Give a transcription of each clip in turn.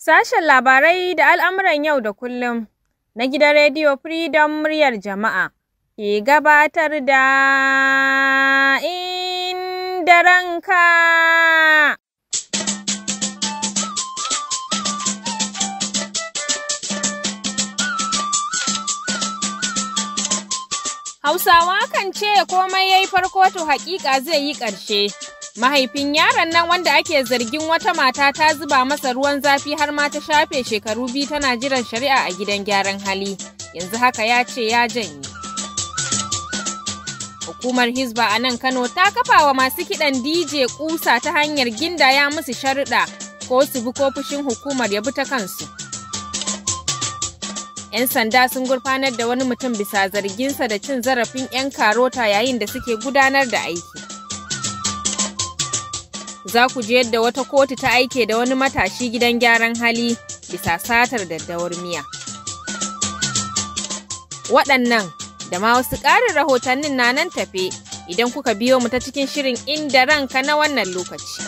Sashen labarai da al'amuran yau da kullum na gidan Rediyo Freedom muryar jama'a ke gabatar da Inda Ranka. Hausawa kan ce komai ya yi farko to hakika zai yi ƙarshe. Mahaifin yaron nan wanda ake zargin wata mata ta zuba masa ruwan zafi har ma ta shafe shekaru biyu tana jiran shari'a a gidan gyaran hali. Yanzu haka ya ce ya janye. Hukumar Hizba a nan Kano ta kafa wa masu kiɗan DJ kusa ta hanyar ginda ya musu sharuɗa ko su bi ko hukumar ya bi ta kansu. 'Yan sanda sun gurfanar da wani mutum bisa zarginsa da cin zarafin 'yan karota yayin da suke gudanar da aiki. za ku ji yadda wata kotu ta aike da wani matashi gidan gyaran hali bisa satar daddawar miya. Waɗannan da ma wasu ƙarin rahotannin na nan tafe idan kuka biyo mu ta cikin shirin inda ranka na wannan lokaci.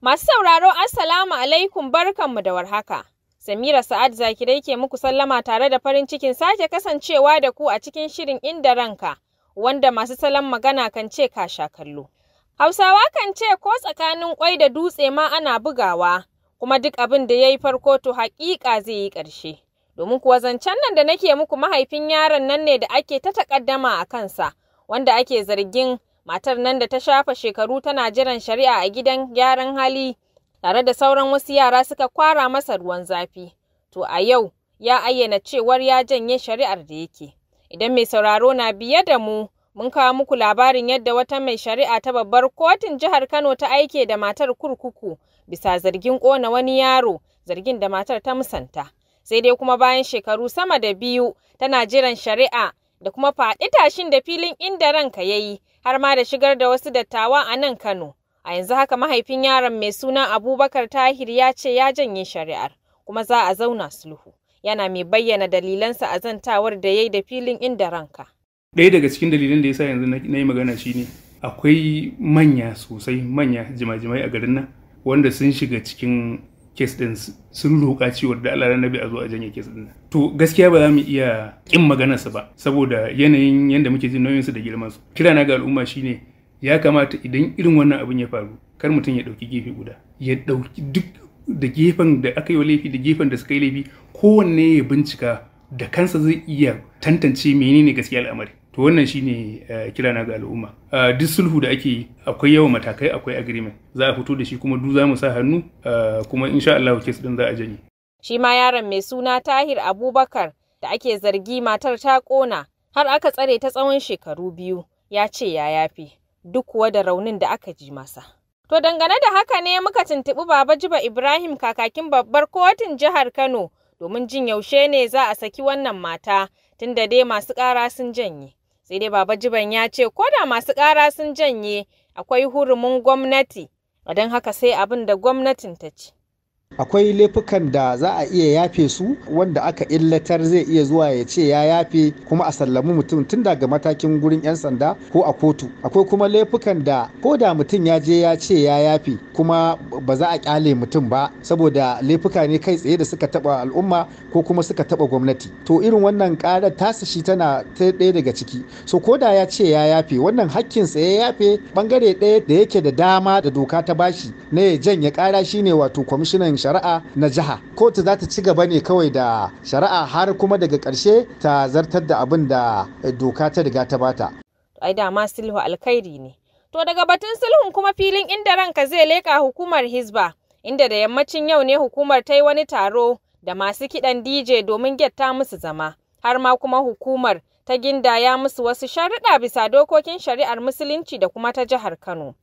Masu sauraro Assalamu alaikum barkanmu da warhaka. Samira Sa'ad Zakirai ke muku sallama tare da farin cikin sake kasancewa da ku a cikin shirin inda ranka. wanda masu salon magana kan ce ka kallo. Hausawa kan ce ko tsakanin kwai da dutse ma ana bugawa, kuma duk abin da ya yi farko to haƙiƙa zai yi ƙarshe. Domin kuwa zancen nan da nake muku mahaifin yaron nan ne da ake ta taƙaddama a kansa, wanda ake zargin matar nan da ta shafa shekaru tana jiran shari'a a gidan gyaran hali, tare da sauran wasu yara suka kwara masa ruwan zafi. To a yau ya ayyana cewar ya janye shari'ar da yake. Idan mai sauraro na biye da mu, mun kawo muku labarin yadda wata mai shari'a ta babbar kotun jihar Kano ta aike da matar kurkuku bisa zargin kona wani yaro, zargin da matar ta musanta. Sai dai kuma bayan shekaru sama da biyu tana jiran shari'a da kuma faɗi tashin da filin inda ranka ya yi har ma da shigar da wasu dattawa a nan Kano. A yanzu haka mahaifin yaron mai suna Abubakar Tahir ya ce ya janye shari'ar kuma za a zauna sulhu. yana mai bayyana dalilansa a zantawar da ya yi da filin inda ranka. Ɗaya daga cikin dalilan da ya sa yanzu na yi magana shine akwai manya sosai manya jima-jimai a garin nan wanda sun shiga cikin kes ɗin sun roƙa cewa da Allah nabi a zo a janye kes ɗin to gaskiya ba za mu iya ƙin maganarsa ba saboda yanayin yadda muke jin nauyinsu da girmansu kirana ga al'umma shine ya kamata idan irin wannan abin ya faru kar mutum ya ɗauki gefe guda ya ɗauki duk da gefen da aka yi wa laifi da gefen da suka yi laifi kowanne ya bincika da kansa zai iya tantance menene gaskiya al'amari to wannan shine eh, kirana ga al'umma eh, duk sulhu da ake yi akwai yawan matakai akwai agreement za a fito da shi kuma du za mu sa hannu eh, kuma insha Allah kes din za a janye shi ma yaron mai suna Tahir Abubakar da ake zargi matar ta kona har aka tsare ta tsawon shekaru biyu ya ce ya yafi duk kuwa da raunin da aka ji masa To dangane da haka ne muka tuntubi Baba Juba Ibrahim kakakin babbar kotun jihar Kano domin jin yaushe ne za a saki wannan mata tunda dai masu ƙara sun janye. Sai dai Baba juban ya ce ko da masu ƙara sun janye akwai hurumin gwamnati, don haka sai abin da gwamnatin ta ce. akwai laifukan da za a iya yafe su wanda aka illatar zai iya zuwa ya ce ya yafe kuma a sallami mutum tun daga matakin gurin 'yan sanda ko a kotu akwai kuma laifukan da ko da mutum ya je ya ce ya yafe kuma ba za a kyale mutum ba saboda laifuka ne kai tsaye da suka taba al'umma ko kuma suka taba gwamnati to irin wannan karar tasa shi tana ta ɗaya daga ciki so ko da ya ce ya yafe wannan hakkin sa ya yafe bangare ɗaya da yake da dama da doka ta bashi na ya janye kara shine wato kwamishinan kotun shari'a na jiha kotu za ta ci gaba ne kawai da shari'a har kuma daga karshe ta zartar da abin da doka ta riga ta bata ai dama sulhu alkhairi ne to daga batun sulhun kuma filin inda ranka zai leka hukumar hizba inda da yammacin yau ne hukumar ta yi wani taro da masu kiɗan dj domin getta musu zama har ma kuma hukumar ta ginda ya musu wasu sharuɗa bisa dokokin shari'ar musulunci da kuma ta jihar kano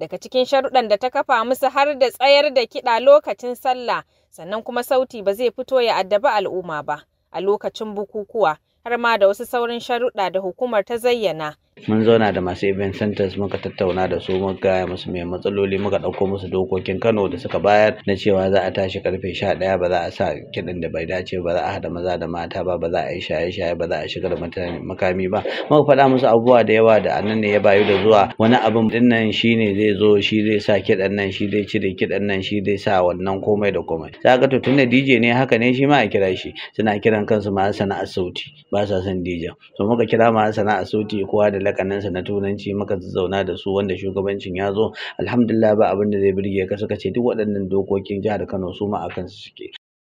daga cikin sharuɗan da ta kafa musu har da tsayar da kiɗa lokacin sallah sannan kuma sauti ba zai fito ya addabi al'umma ba a lokacin bukukuwa har ma da wasu saurin sharuɗa da hukumar ta zayyana mun zauna da masu event centers muka tattauna da su muka gaya musu mai matsaloli muka ɗauko musu dokokin kano da suka bayar na cewa za a tashi karfe sha ɗaya ba za a sa kiɗan da bai dace ba za a haɗa maza da mata ba ba za a yi shaye shaye ba za a shigar makami ba muka faɗa musu abubuwa da yawa da annan ne ya bayu da zuwa wani abin din nan shine zai zo shi zai sa kiɗan nan shi zai cire kiɗan nan shi zai sa wannan komai da komai za ka to tunda DJ ne haka ne shi ma a kira shi suna kiran kansu ma sana'ar sauti ba sa son DJ to muka kira ma sana'ar sauti kowa da da na turanci muka zauna da su wanda shugabancin ya zo alhamdulillah ba abin da zai birge ka suka ce duk waɗannan dokokin jihar Kano su ma akan su suke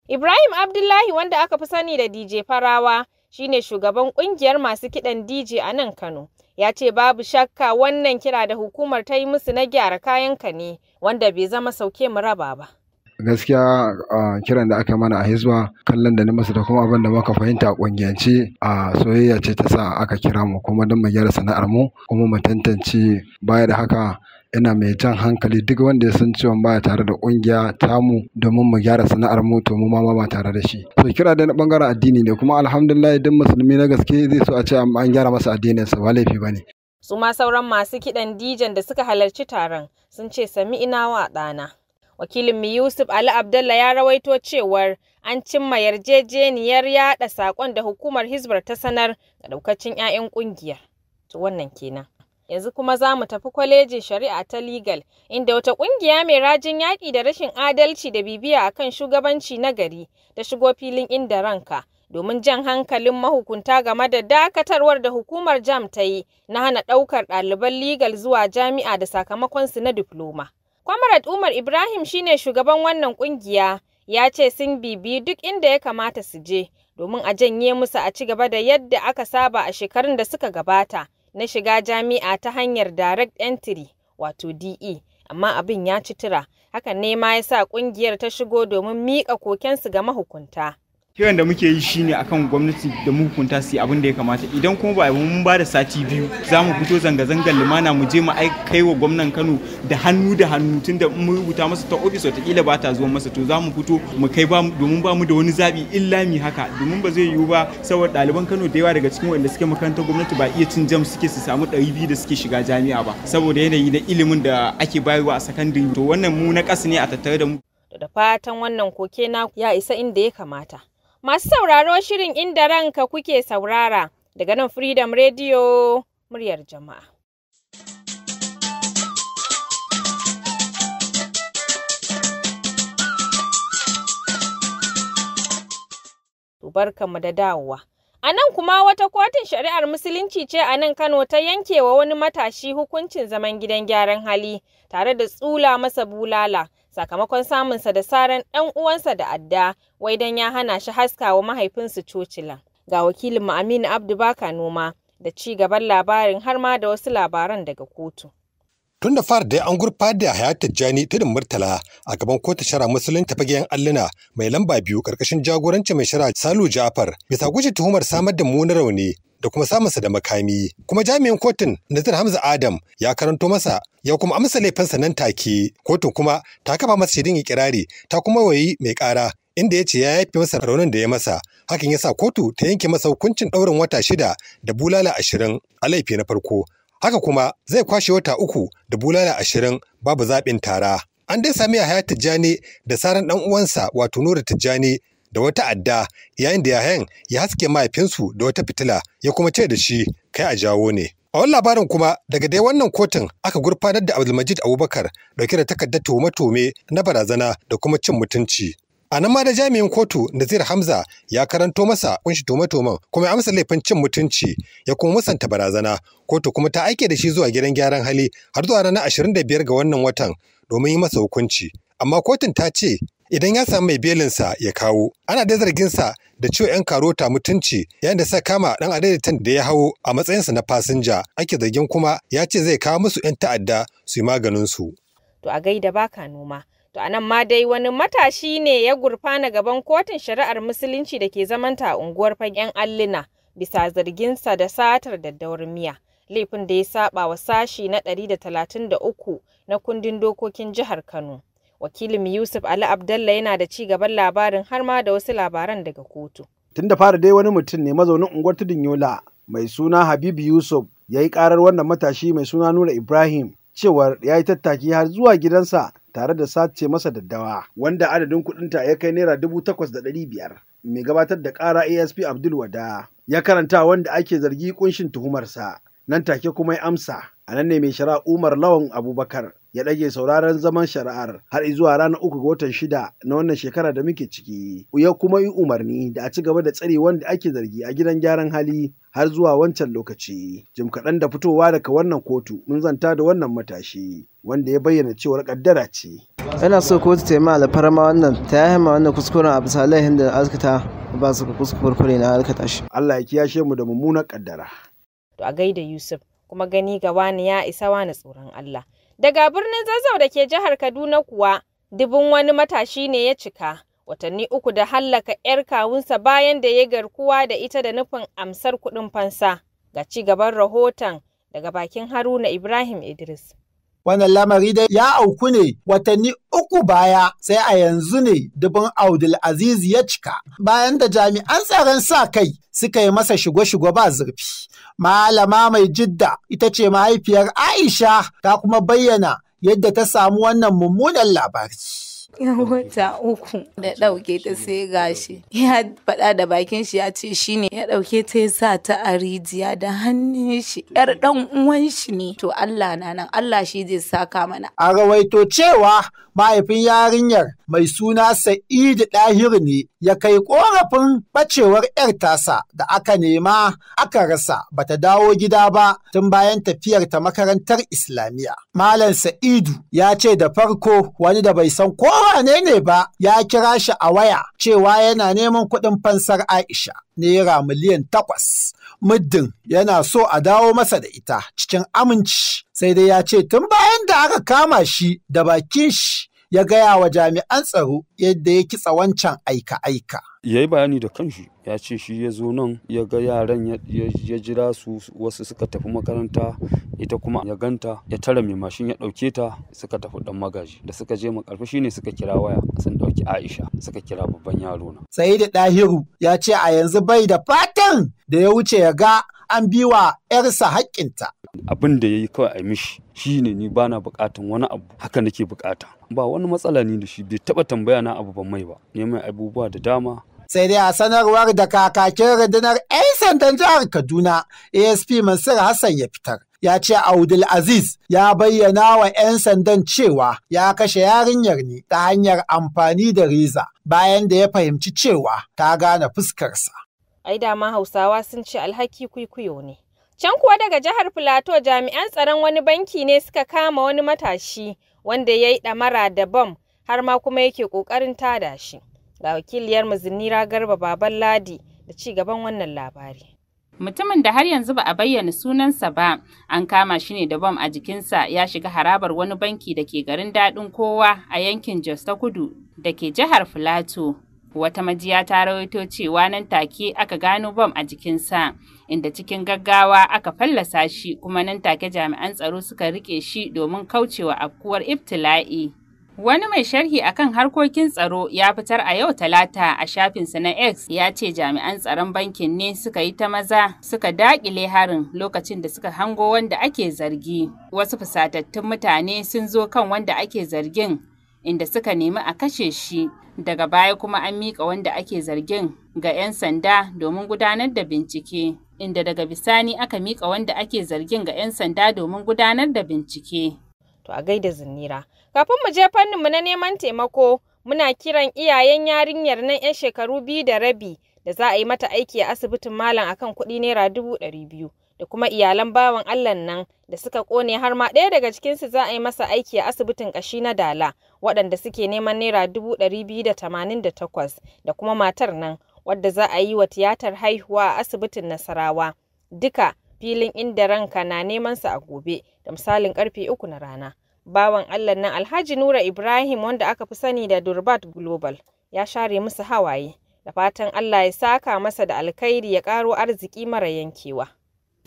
Ibrahim Abdullahi wanda aka fi sani da DJ Farawa shine shugaban kungiyar masu kiɗan DJ a nan Kano. Ya ce babu shakka wannan kira da hukumar ta yi musu na gyara kayan ka ne wanda bai zama sauke mu raba ba. gaskiya kiran da aka mana a hizba kallon da na masa da kuma abin da muka fahimta a kungiyance a soyayya ce ta sa aka kira mu kuma don mu gyara sana'ar mu kuma mu tantance baya da haka ina mai jan hankali duk wanda ya san cewa baya tare da kungiya tamu domin mu gyara sana'ar mu to mu ma ba tare da shi to kira da na bangaren addini ne kuma alhamdulillah duk musulmi na gaske zai so a ce an gyara masa addinin ba laifi bane su ma sauran masu kidan dijan da suka halarci taron sun ce sami ina wa ɗana Wakilin Yusuf Ali Abdullah ya rawaito cewar an cimma yarjejeniyar yaɗa sakon da hukumar Hizbar ta sanar ga daukacin 'ya'yan ƙungiyar. To wannan kenan. yanzu kuma za mu tafi kwalejin shari'a ta legal inda wata kungiya mai rajin yaƙi da rashin adalci da bibiya akan shugabanci na gari ta shigo filin inda ranka domin jan hankalin mahukunta game da dakatarwar da hukumar jam ta yi na hana ɗaukar ɗaliban legal zuwa jami'a da sakamakonsu na diploma. Kwamarat Umar Ibrahim shine shugaban wannan kungiya ya ce sun bibi duk inda ya kamata su je domin a janye musu a ci gaba da yadda aka saba a shekarun da suka gabata na shiga jami'a ta hanyar direct entry wato DE amma abin ya ci tura hakan ne ma ya sa kungiyar ta shigo domin miƙa kokensu ga mahukunta. kiran da muke yi shine akan gwamnati da hukunta su abin da ya kamata idan kuma ba mun ba da sati biyu za mu fito zanga-zangar lumana mu je mu kai wa gwamnan kano da hannu da hannu tun da mun rubuta masa ta ofis watakila ba ta zuwa masa to za mu fito mu kai ba domin ba mu da wani zabi illa mi haka domin ba zai yiwu ba saboda ɗaliban kano da yawa daga cikin wanda suke makarantar gwamnati ba iya cin jam suke su samu ɗari biyu da suke shiga jami'a ba saboda yanayi na ilimin da ake bayarwa a sakandare to wannan mu na ƙasa ne a tattare da mu da fatan wannan koke na ya isa inda ya kamata Masu sauraro shirin inda ranka kuke saurara daga nan Freedom Radio muryar jama'a. Barkanmu da dawowa. A nan kuma wata kotun shari'ar Musulunci ce a nan Kano ta yankewa wani matashi hukuncin zaman gidan gyaran hali tare da tsula masa bulala sakamakon samunsa da saran ɗan uwansa da adda wai don ya hana shi haskawa mahaifinsu cocilan. Ga wakilin Aminu Abdu Baka Noma da ci gaban labarin har ma da wasu labaran daga kotu. tun da fara da an gurfa da Hayat ta tudun Murtala a gaban kotu shara musulun tafagiyan alluna mai lamba biyu karkashin jagoranci mai shara Salu Jafar bisa guje tuhumar samar da munar rauni da kuma samun samunsa da makami. Kuma jami'in kotun Nazir Hamza Adam ya karanto masa ya kuma amsa laifinsa nan take. Kotun kuma ta kafa masa shirin ikirari ta kuma wayi mai ƙara inda ya ce ya yafe masa raunin da ya masa. Hakan ya sa kotu ta yanke masa hukuncin ɗaurin wata shida da bulala ashirin a laifi na farko. Haka kuma zai kwashe wata uku da bulala ashirin babu zaɓin tara. An dai sami Yahaya Tijjani da saran ɗan uwansa wato Nura Tijjani da wata adda yayin da yayan ya haske mahaifinsu da wata fitila ya kuma ce da shi kai a jawo ne. A wani labarin kuma daga dai wannan kotun aka gurfanar da Abdulmajid Abubakar dauke da takardar tome tome na barazana da kuma cin mutunci. A nan ma da jami'in kotu Nazir Hamza ya karanto masa kunshi tome-tomen kuma ya amsa laifin cin mutunci ya kuma musanta barazana. Kotu kuma ta aike da shi zuwa gidan gyaran hali har zuwa ranar biyar ga wannan watan domin yi masa hukunci. Amma kotun ta ce idan ya samu mai belinsa ya kawo. Ana da zarginsa da ciwo 'yan karota mutunci yayin da suka kama ɗan adaidaitan da ya hawo a matsayin matsayinsa na fasinja. Ake zargin kuma ya ce zai kawo musu 'yan ta'adda su yi maganinsu. To a gaida baka noma. To a nan ma dai wani matashi ne ya gurfana gaban kotun shari'ar musulunci da ke zamanta a unguwar fagen allina bisa zarginsa da satar daddawar miya. Laifin da ya saba wa sashi na 133 na kundin dokokin jihar Kano. wakilin yusuf ali abdalla yana da ci gaban labarin har ma da wasu labaran daga kotu tun da fara dai wani mutum ne mazaunin unguwar tudun yola mai suna habibu yusuf ya yi karar wannan matashi mai suna nura ibrahim cewar ya yi tattaki har zuwa gidansa tare da sace masa daddawa wanda adadin ta ya kai naira dubu takwas da ɗari biyar mai gabatar da ƙara asp abdul wada ya karanta wanda ake zargi ƙunshin tuhumarsa nan take kuma ya amsa a nan ne mai shari'a umar lawan abubakar ya ɗage sauraron zaman shari'ar har zuwa ranar uku ga watan shida na wannan shekara da muke ciki ya kuma yi umarni da a ci gaba da tsare wanda ake zargi a gidan gyaran hali har zuwa wancan lokaci jim kaɗan da fitowa daga wannan kotu mun zanta da wannan matashi wanda ya bayyana cewar kaddara ce ina so kotu ta yi ma alfarma wannan ta yi ma wannan kuskuren a bisa laihin da alkata ba su kuskure na alkata shi Allah ya kiyashe mu da mummunar kaddara to a gaida Yusuf kuma gani ga wani ya isa wani tsoron Allah. Daga birnin Zazzau da ke jihar Kaduna kuwa dubin wani matashi ne ya cika watanni uku da hallaka 'yar kawunsa bayan da ya garkuwa da ita da nufin amsar kuɗin fansa. Ga ci gaban rahoton daga bakin Haruna Ibrahim Idris. Wannan lamari dai ya auku ne watanni uku baya sai a yanzu ne dubin audul Aziz ya cika. Bayan da jami'an tsaron sa kai suka yi masa shigo-shigo ba zurfi. Malama mai jidda ita ce mahaifiyar Aisha ta kuma bayyana yadda ta samu wannan mummunan labari. wata uku da ɗauke ta sai gashi ya faɗa da bakin shi ya ce shi ne ya ɗauke ta ya sa ta a rijiya da hannun shi yar ɗan uwan shi ne to Allah na nan Allah shi zai saka mana a rawaito cewa mahaifin yarinyar mai suna Sa'idu Ɗahiru ne ya kai ƙorafin ɓacewar 'yar tasa da aka nema aka rasa bata dawo gida ba tun bayan tafiyar ta makarantar Islamiyya. Malam Sa'idu ya ce da farko wani da bai san ko wane ne ba ya kira shi a waya cewa yana neman kuɗin fansar Aisha naira miliyan takwas. muddin yana so a dawo masa da ita cikin aminci sai dai ya ce tun bayan da aka kama shi da bakin shi ya gaya wa jami'an tsaro yadda ya kitsa wancan aika-aika. ya yi bayani da kanshi ya ce shi ya zo nan ya ga yaran ya jira su wasu suka tafi makaranta ita kuma ya ganta ya tara mai mashin ya ɗauke ta suka tafi ɗan magaji da suka je makarfi shine suka kira waya sun ɗauki aisha suka kira babban yaro na. sai da ɗahiru ya ce a yanzu bai da fatan da ya wuce ya ga an bi wa 'yarsa haƙƙinta. Abin da ya yi kawai a mishi shi ne ni ba na buƙatan wani abu haka nake buƙata. Ba wani matsala ni da shi bai taɓa tambaya na abu ban mai ba, neman abubuwa da dama. Sai dai a sanarwar da kakakin rundunar 'yan sandan jihar Kaduna ASP Mansur Hassan ya fitar. ya ce Audul Aziz ya bayyana wa 'yan sandan cewa ya kashe yarinyar ne ta hanyar amfani da reza bayan da ya fahimci cewa ta gane fuskarsa. ai ma hausawa sun ce alhaki kwikwiyo ne can kuwa daga jihar filato jami'an tsaron wani banki ne suka kama wani matashi wanda ya yi ɗamara da bom har ma kuma yake ƙoƙarin tada shi ga wakiliyar mazinira garba baban ladi da ci gaban wannan labari mutumin da har yanzu ba a bayyana sunansa ba an kama shi ne da bom a jikinsa ya shiga harabar wani banki da ke garin daɗin kowa a yankin jos ta kudu da ke jihar filato Wata majiya ta rawaito cewa nan take aka gano bom a jikin sa, inda cikin gaggawa aka fallasa shi kuma nan take jami'an tsaro suka rike shi domin kaucewa afkuwar ibtila'i. Wani mai sharhi akan harkokin tsaro ya fitar a yau talata a shafinsa na X ya ce jami'an tsaron bankin ne suka yi ta maza suka daƙile harin lokacin da suka hango wanda ake zargi. Wasu fusatattun mutane sun zo kan wanda ake zargin inda suka nemi a kashe shi daga baya kuma an miƙa wanda ake zargin ga 'yan sanda domin gudanar da bincike inda daga bisani aka miƙa wanda ake zargin ga 'yan sanda domin gudanar da bincike. To a gaida zinnira, kafin mu je fanninmu na neman taimako muna kiran iyayen yarinyar nan 'yan shekaru biyu da rabi da za a yi mata aiki a asibitin malam akan kuɗi naira dubu ɗari biyu. da kuma iyalan bawan Allah nan da suka kone har ma ɗaya daga cikinsu za a yi masa aiki a asibitin ƙashi na Dala waɗanda suke neman naira dubu ɗari biyu da tamanin da takwas da kuma matar nan wadda za a yi wa tiyatar haihuwa a asibitin Nasarawa. Duka filin inda ranka na neman sa a gobe da misalin karfe uku na rana. Bawan Allah nan Alhaji Nura Ibrahim wanda aka fi sani da Durbat Global ya share musu hawaye da fatan Allah ya saka masa da alkhairi ya karo arziki mara yankewa.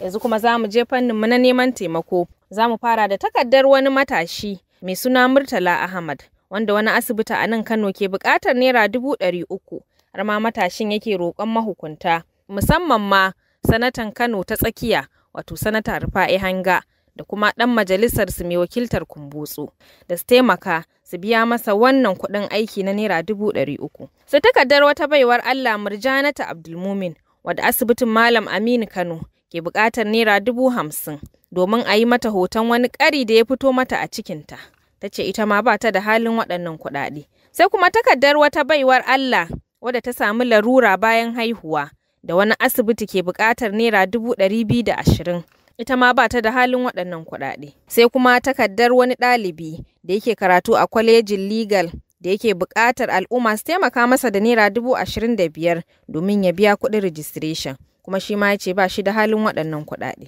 Yanzu kuma za mu je fannin mu na neman taimako. Za mu fara da takardar wani matashi mai suna Murtala Ahmad wanda wani asibiti a nan Kano ke bukatar naira dubu ɗari uku har ma matashin yake roƙon mahukunta musamman ma sanatan Kano ta tsakiya wato sanata Rufa'i Hanga da kuma ɗan majalisar su mai wakiltar kumbutsu da su taimaka su biya masa wannan kuɗin aiki na naira dubu ɗari uku. Su takardar wata baiwar Allah Murjanata Abdulmumin wadda asibitin Malam Aminu Kano ke buƙatar naira dubu hamsin domin a yi mata hoton wani ƙari da ya fito mata a cikinta. Ta ce ita ma ba ta da halin waɗannan kuɗaɗe. Sai kuma takardar wata baiwar Allah wadda ta samu larura bayan haihuwa da wani asibiti ke buƙatar naira dubu ɗari biyu da ashirin. Ita ma ba ta da halin waɗannan kuɗaɗe. Sai kuma takardar wani ɗalibi da yake karatu a kwalejin legal da yake buƙatar al'umma su taimaka masa da naira dubu ashirin da biyar domin ya biya kuɗin registration. kuma shi ma ya ce ba shi da halin waɗannan kuɗaɗe.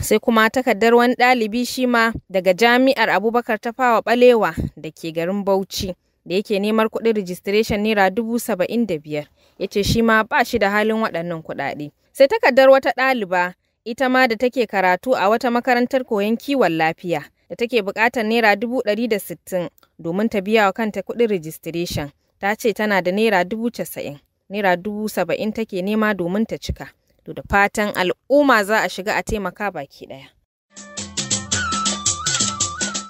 Sai kuma takardar wani ɗalibi shi ma daga jami'ar Abubakar ta fawa ɓalewa da ke garin Bauchi da yake neman kuɗin registration naira dubu saba'in da biyar ya ce shi ma ba shi da halin waɗannan kuɗaɗe. Sai takardar wata ɗaliba ita ma da take karatu a wata makarantar koyon kiwon lafiya da take buƙatar naira dubu ɗari da sittin domin ta biya wa kanta kuɗin registration ta ce tana da naira dubu casa'in naira dubu saba'in take nema domin ta cika. To da fatan al'umma za a shiga a taimaka baki ɗaya.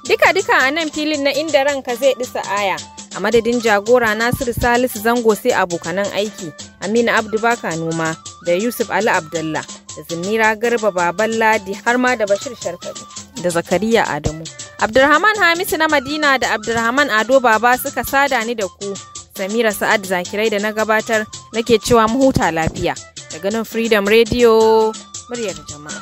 dika dika a nan filin na inda ranka zai ɗisa aya. a madadin jagora nasiru salisu zango sai abokanan aiki amina abdubaka noma da yusuf ali abdullah da zinira garba baban ladi har ma da bashir sharfari da zakariya adamu abdulrahman hamisu na madina da abdulrahman ado baba suka sada ni da ku samira sa'ad zakirai da na gabatar nake cewa mu huta lafiya Daga nan Freedom Radio muryar jama'a.